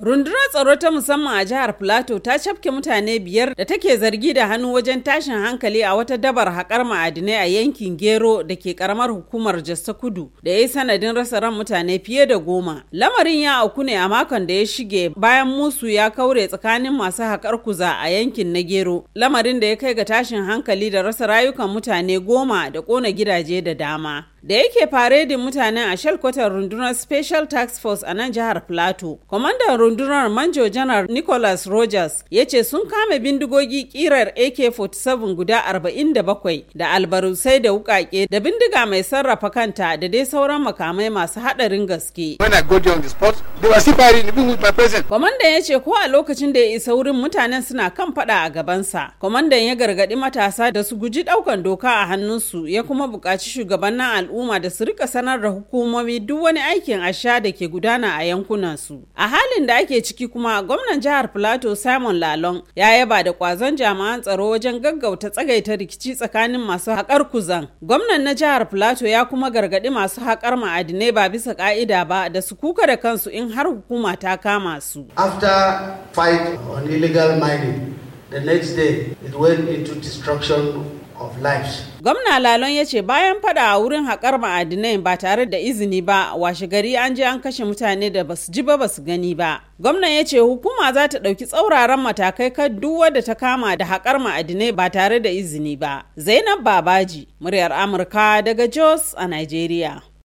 Rundunar tsaro ta musamman a jihar Plateau ta cafke mutane biyar da take zargi da hannu wajen tashin hankali a wata dabar haƙar ma'adinai a yankin Gero da ke karamar hukumar Jassa Kudu da ya yi sanadin rasa ran mutane fiye da goma. Lamarin ya auku ne a makon da ya shige bayan musu ya kaure tsakanin masu haƙar kuza a yankin na Gero. Lamarin da ya kai ga tashin hankali da rasa rayukan mutane goma da ƙona gidaje da dama. da yake faredin mutanen a shalkwatar rundunar special task force a nan jihar plateau kwamandan rundunar manjo janar nicholas rogers ya ce sun kame bindigogi kirar ak-47 guda 47 da albarusai da wukake da bindiga mai sarrafa kanta da dai sauran makamai masu hadarin gaske kwamandan ya ce ko a lokacin da ya isa wurin mutanen suna kan fada a gabansa kwamandan ya gargadi matasa da su guji daukan doka a hannunsu ya kuma buƙaci shugabannin al'umma da su rika sanar da hukumomi duk wani aikin asha da ke gudana a yankunansu. A halin da ake ciki kuma gwamnan jihar Plateau Simon Lalon ya yaba da kwazon jami'an tsaro wajen gaggauta tsagaita rikici tsakanin masu haƙar kuzan. Gwamnan na jihar Plateau ya kuma gargaɗi masu haƙar ma'adinai ba bisa ƙa'ida ba da su kuka da kansu in har hukuma ta kama su. After fight on illegal mining, the next day it went into destruction of lives. Gwamna Lalon ya ce bayan fada a wurin haƙar ma'adinai ba tare da izini ba washe gari an je an kashe mutane da ba su ji ba su gani ba. Gwamna ya ce hukuma za ta ɗauki tsauraran matakai kan duk wadda ta kama da haƙar ma'adinai ba tare da izini ba. Zainab Babaji, muryar Amurka daga Jos a Nigeria.